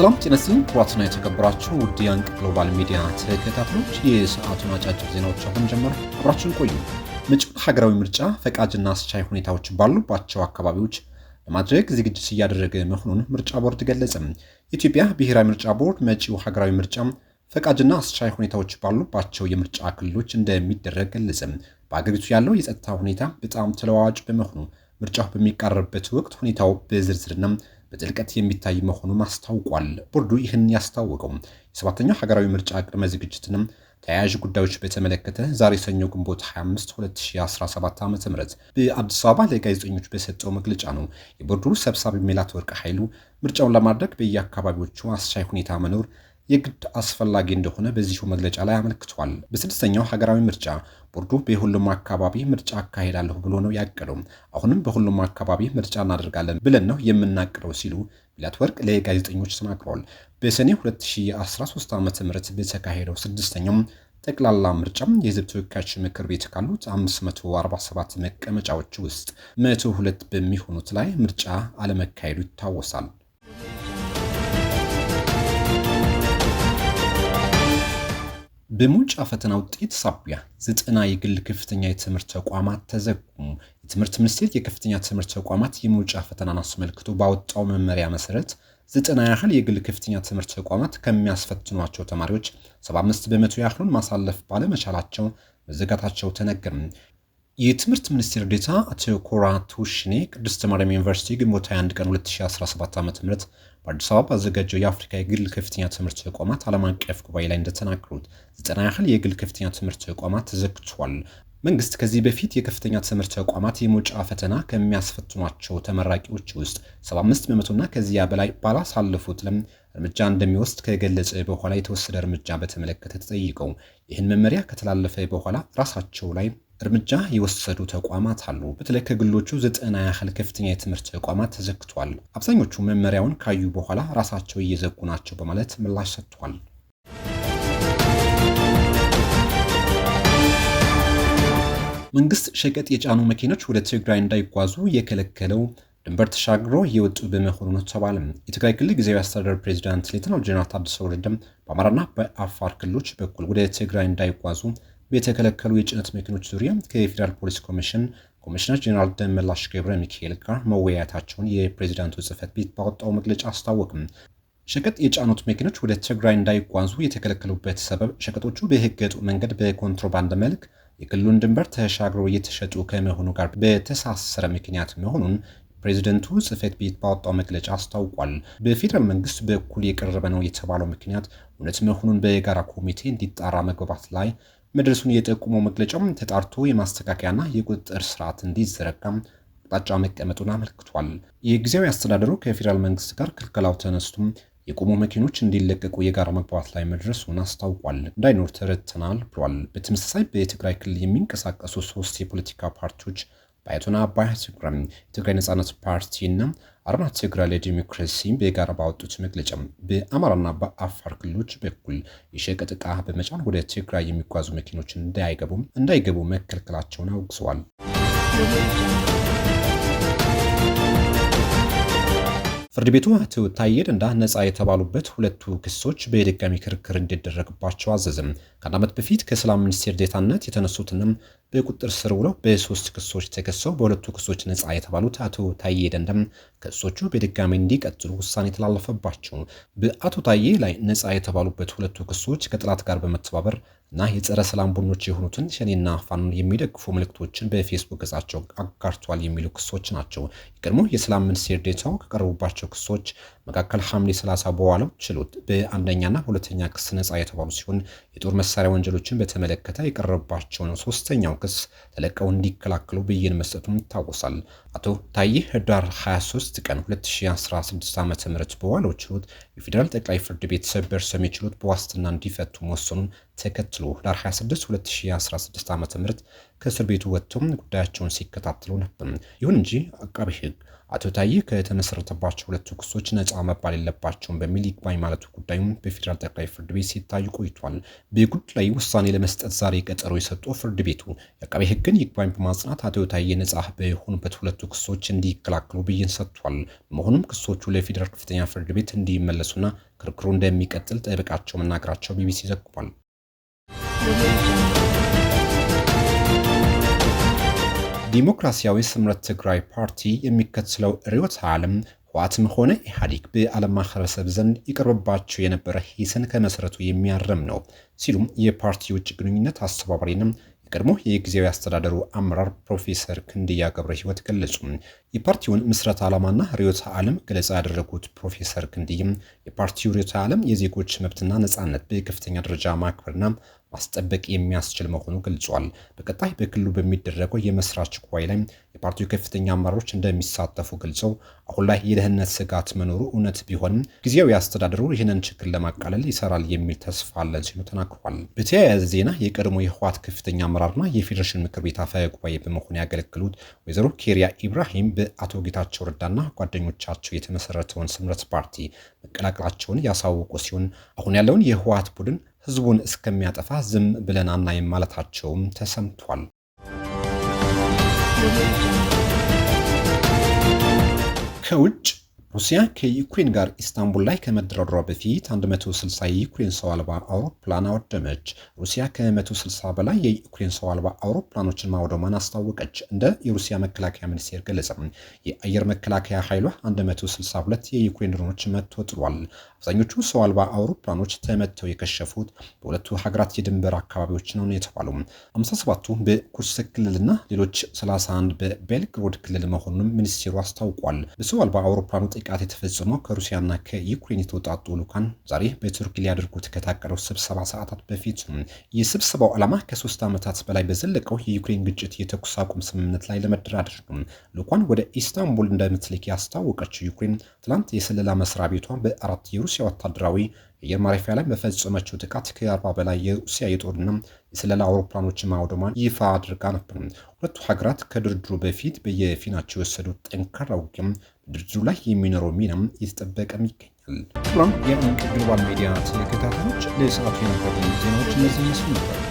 ሰላም ጤና ይስጥልኝ ክቡራትና የተከበራችሁ ውድ ግሎባል ሚዲያ ተከታታዮች፣ የሰዓቱን አጫጭር ዜናዎች አሁን ጀመሩ። አብራችን ቆዩ። መጪው ሀገራዊ ምርጫ ፈቃጅና አስቻይ ሁኔታዎች ባሉባቸው አካባቢዎች ለማድረግ ዝግጅት እያደረገ መሆኑን ምርጫ ቦርድ ገለጸ። የኢትዮጵያ ብሔራዊ ምርጫ ቦርድ መጪው ሀገራዊ ምርጫ ፈቃጅና አስቻይ ሁኔታዎች ባሉባቸው የምርጫ ክልሎች እንደሚደረግ ገለጸ። በአገሪቱ ያለው የጸጥታ ሁኔታ በጣም ተለዋዋጭ በመሆኑ ምርጫው በሚቃረብበት ወቅት ሁኔታው በዝርዝርና በጥልቀት የሚታይ መሆኑን አስታውቋል። ቦርዱ ይህን ያስታወቀው የሰባተኛው ሀገራዊ ምርጫ ቅድመ ዝግጅትንም ተያያዥ ጉዳዮች በተመለከተ ዛሬ ሰኞ ግንቦት 25 2017 ዓ ም በአዲስ አበባ ለጋዜጠኞች በሰጠው መግለጫ ነው። የቦርዱ ሰብሳቢ ሜላት ኃይሉ ምርጫውን ለማድረግ በየአካባቢዎቹ አስቻይ ሁኔታ መኖር የግድ አስፈላጊ እንደሆነ በዚሁ መግለጫ ላይ አመልክቷል። በስድስተኛው ሀገራዊ ምርጫ ቦርዱ በሁሉም አካባቢ ምርጫ አካሄዳለሁ ብሎ ነው ያቀደው። አሁንም በሁሉም አካባቢ ምርጫ እናደርጋለን ብለን ነው የምናቅደው ሲሉ ወርቅ ለጋዜጠኞች ተናግረዋል። በሰኔ 2013 ዓ ም በተካሄደው ስድስተኛው ጠቅላላ ምርጫ የህዝብ ተወካዮች ምክር ቤት ካሉት 547 መቀመጫዎች ውስጥ 102 በሚሆኑት ላይ ምርጫ አለመካሄዱ ይታወሳል። በሙጫ ፈተና ውጤት ሳቢያ ዘጠና የግል ከፍተኛ የትምህርት ተቋማት ተዘጉ። የትምህርት ሚኒስቴር የከፍተኛ ትምህርት ተቋማት የሙጫ ፈተናን አስመልክቶ ባወጣው መመሪያ መሰረት ዘጠና ያህል የግል ከፍተኛ ትምህርት ተቋማት ከሚያስፈትኗቸው ተማሪዎች 75 በመቶ ያህሉን ማሳለፍ ባለመቻላቸው መዘጋታቸው ተነገረ። የትምህርት ሚኒስቴር ዴታ አቶ ኮራ ቱሽኔ ቅድስተ ማርያም ዩኒቨርሲቲ ግንቦት 21 ቀን 2017 ዓ ም በአዲስ አበባ ባዘጋጀው የአፍሪካ የግል ከፍተኛ ትምህርት ተቋማት ዓለም አቀፍ ጉባኤ ላይ እንደተናገሩት ዘጠና ያህል የግል ከፍተኛ ትምህርት ተቋማት ተዘግቷል። መንግስት ከዚህ በፊት የከፍተኛ ትምህርት ተቋማት የመውጫ ፈተና ከሚያስፈትኗቸው ተመራቂዎች ውስጥ 75 በመቶና ከዚያ በላይ ባላሳለፉት ለም እርምጃ እንደሚወስድ ከገለጸ በኋላ የተወሰደ እርምጃ በተመለከተ ተጠይቀው ይህን መመሪያ ከተላለፈ በኋላ ራሳቸው ላይ እርምጃ የወሰዱ ተቋማት አሉ። በተለይ ከግሎቹ ዘጠና ያህል ከፍተኛ የትምህርት ተቋማት ተዘግቷል። አብዛኞቹ መመሪያውን ካዩ በኋላ ራሳቸው እየዘጉ ናቸው በማለት ምላሽ ሰጥቷል። መንግስት ሸቀጥ የጫኑ መኪኖች ወደ ትግራይ እንዳይጓዙ የከለከለው ድንበር ተሻግሮ የወጡ በመሆኑ ነው ተባለ። የትግራይ ክልል ጊዜያዊ አስተዳደር ፕሬዚዳንት ሌተናል ጀነራል ታደሰ ወረደም በአማራና በአፋር ክልሎች በኩል ወደ ትግራይ እንዳይጓዙ በተከለከሉ የጭነት መኪኖች ዙሪያ ከፌዴራል ፖሊስ ኮሚሽን ኮሚሽነር ጀኔራል ደመላሽ ገብረ ሚካኤል ጋር መወያየታቸውን የፕሬዚዳንቱ ጽህፈት ቤት ባወጣው መግለጫ አስታወቅም። ሸቀጥ የጫኑት መኪኖች ወደ ትግራይ እንዳይጓዙ የተከለከሉበት ሰበብ ሸቀጦቹ በህገወጥ መንገድ በኮንትሮባንድ መልክ የክልሉን ድንበር ተሻግሮ እየተሸጡ ከመሆኑ ጋር በተሳሰረ ምክንያት መሆኑን ፕሬዚደንቱ ጽህፈት ቤት ባወጣው መግለጫ አስታውቋል። በፌዴራል መንግስት በኩል የቀረበ ነው የተባለው ምክንያት እውነት መሆኑን በጋራ ኮሚቴ እንዲጣራ መግባባት ላይ መድረሱን የጠቁመው መግለጫው ተጣርቶ የማስተካከያና የቁጥጥር ስርዓት እንዲዘረጋ አቅጣጫ መቀመጡን አመልክቷል። የጊዜያዊ አስተዳደሩ ከፌዴራል መንግስት ጋር ክልከላው ተነስቶ የቆሙ መኪኖች እንዲለቀቁ የጋራ መግባባት ላይ መድረሱን አስታውቋል። እንዳይኖር ተረድተናል ብሏል። በተመሳሳይ በትግራይ ክልል የሚንቀሳቀሱ ሶስት የፖለቲካ ፓርቲዎች በአይቶና አባይ ትግራይ ትግራይ ነጻነት ፓርቲና አረና ትግራይ ለዲሞክራሲ በጋራ ባወጡት መግለጫ በአማራና በአፋር ክልሎች በኩል የሸቀጥ ዕቃ በመጫን ወደ ትግራይ የሚጓዙ መኪኖች እንዳይገቡ መከልከላቸውን አውግዘዋል። ፍርድ ቤቱ አቶ ታዬ ደንዳ ነፃ የተባሉበት ሁለቱ ክሶች በድጋሚ ክርክር እንዲደረግባቸው አዘዝም። ከአንድ ዓመት በፊት ከሰላም ሚኒስቴር ዴታነት የተነሱትንም በቁጥር ስር ውለው በሶስት ክሶች ተከሰው በሁለቱ ክሶች ነፃ የተባሉት አቶ ታዬ ደንዳም ክሶቹ በድጋሚ እንዲቀጥሉ ውሳኔ ተላለፈባቸው በአቶ ታዬ ላይ ነፃ የተባሉበት ሁለቱ ክሶች ከጥላት ጋር በመተባበር እና የጸረ ሰላም ቡድኖች የሆኑትን ሸኔና ፋኖን የሚደግፉ ምልክቶችን በፌስቡክ ገጻቸው አጋርቷል የሚሉ ክሶች ናቸው። የቀድሞ የሰላም ሚኒስቴር ዴታው ከቀረቡባቸው ክሶች መካከል ሐምሌ 30 በዋለው ችሎት በአንደኛና ሁለተኛ ክስ ነጻ የተባሉ ሲሆን የጦር መሳሪያ ወንጀሎችን በተመለከተ የቀረበባቸውን ሶስተኛው ክስ ተለቀው እንዲከላከሉ ብይን መስጠቱም ይታወሳል። አቶ ታዬ ህዳር 23 ቀን 2016 ዓ ም በዋለው ችሎት የፌዴራል ጠቅላይ ፍርድ ቤት ሰበር ሰሚ ችሎት በዋስትና እንዲፈቱ መወሰኑን ተከትሎ ህዳር 26 2016 ዓ ም ከእስር ቤቱ ወጥተው ጉዳያቸውን ሲከታተሉ ነበር። ይሁን እንጂ አቃቢ ሕግ አቶ ታዬ ከተመሰረተባቸው ሁለቱ ክሶች ነፃ መባል የለባቸውም በሚል ይግባኝ ማለቱ ጉዳዩም በፌዴራል ጠቅላይ ፍርድ ቤት ሲታዩ ቆይቷል። በጉዳዩ ውሳኔ ለመስጠት ዛሬ ቀጠሮ የሰጠው ፍርድ ቤቱ የአቃቤ ሕግን ይግባኝ በማጽናት አቶ ታዬ ነፃ በሆኑበት ሁለቱ ክሶች እንዲከላከሉ ብይን ሰጥቷል። መሆኑም ክሶቹ ለፌዴራል ከፍተኛ ፍርድ ቤት እንዲመለሱና ክርክሩ እንደሚቀጥል ጠበቃቸው መናገራቸው ቢቢሲ ዘግቧል። ዲሞክራሲያዊ ስምረት ትግራይ ፓርቲ የሚከተለው ርዕዮተ ዓለም ህወሓትም ሆነ ኢህአዴግ በዓለም ማህበረሰብ ዘንድ ይቀርብባቸው የነበረ ሂስን ከመሰረቱ የሚያረም ነው ሲሉም የፓርቲ ውጭ ግንኙነት አስተባባሪንም የቀድሞ የጊዜያዊ አስተዳደሩ አመራር ፕሮፌሰር ክንድያ ገብረ ህይወት ገለጹ። የፓርቲውን ምስረት ዓላማና ርዕዮተ ዓለም ገለጻ ያደረጉት ፕሮፌሰር ክንድይም የፓርቲው ርዕዮተ ዓለም የዜጎች መብትና ነፃነት በከፍተኛ ደረጃ ማክበርና ማስጠበቅ የሚያስችል መሆኑ ገልጿል። በቀጣይ በክልሉ በሚደረገው የመስራች ጉባኤ ላይ የፓርቲው ከፍተኛ አመራሮች እንደሚሳተፉ ገልጸው አሁን ላይ የደህንነት ስጋት መኖሩ እውነት ቢሆንም ጊዜያዊ አስተዳደሩ ይህንን ችግር ለማቃለል ይሰራል የሚል ተስፋ አለን ሲሉ ተናግሯል። በተያያዘ ዜና የቀድሞ የህወሓት ከፍተኛ አመራርና የፌዴሬሽን ምክር ቤት አፈ ጉባኤ በመሆን ያገለግሉት ወይዘሮ ኬሪያ ኢብራሂም በአቶ ጌታቸው ረዳና ጓደኞቻቸው የተመሰረተውን ስምረት ፓርቲ መቀላቀላቸውን ያሳወቁ ሲሆን አሁን ያለውን የህወሓት ቡድን ህዝቡን እስከሚያጠፋ ዝም ብለን አናይም ማለታቸውም ተሰምቷል። ከውጭ ሩሲያ ከዩክሬን ጋር ኢስታንቡል ላይ ከመደራደሯ በፊት 160 የዩክሬን ሰው አልባ አውሮፕላን አወደመች። ሩሲያ ከ160 በላይ የዩክሬን ሰው አልባ አውሮፕላኖችን ማውደማን አስታወቀች። እንደ የሩሲያ መከላከያ ሚኒስቴር ገለጸ፣ የአየር መከላከያ ኃይሉ 162 የዩክሬን ድሮኖች መጥቶ ጥሏል። አብዛኞቹ ሰው አልባ አውሮፕላኖች ተመትተው የከሸፉት በሁለቱ ሀገራት የድንበር አካባቢዎች ነው የተባሉ 57ቱ በኩርስክ ክልልና ሌሎች 31 በቤልግሮድ ክልል መሆኑንም ሚኒስቴሩ አስታውቋል። በሰው አልባ አውሮፕላኑ ጥቃት የተፈጸመው ከሩሲያና ከዩክሬን የተወጣጡ ልኡካን ዛሬ በቱርክ ሊያደርጉት ከታቀደው ስብሰባ ሰዓታት በፊት ነው። የስብሰባው ዓላማ ከሶስት ዓመታት በላይ በዘለቀው የዩክሬን ግጭት የተኩስ አቁም ስምምነት ላይ ለመደራደር ነው። ልኡኳን ወደ ኢስታንቡል እንደምትልክ ያስታወቀችው ዩክሬን ትላንት የስለላ መስሪያ ቤቷ በአራት የሩሲያ ወታደራዊ አየር ማረፊያ ላይ በፈጸመችው ጥቃት ከ40 በላይ የሩሲያ የጦርና የስለላ አውሮፕላኖች ማውደማን ይፋ አድርጋ ነበር። ሁለቱ ሀገራት ከድርድሩ በፊት በየፊናቸው የወሰዱት ጠንካራ ውጊያም በድርድሩ ላይ የሚኖረው ሚናም እየተጠበቀም ይገኛል። ፕሮግራም የአንቅ ግሎባል ሚዲያ ተከታታዮች ለሰዓቱ የነበሩ ዜናዎች እነዚህ ይመስሉ ነበር።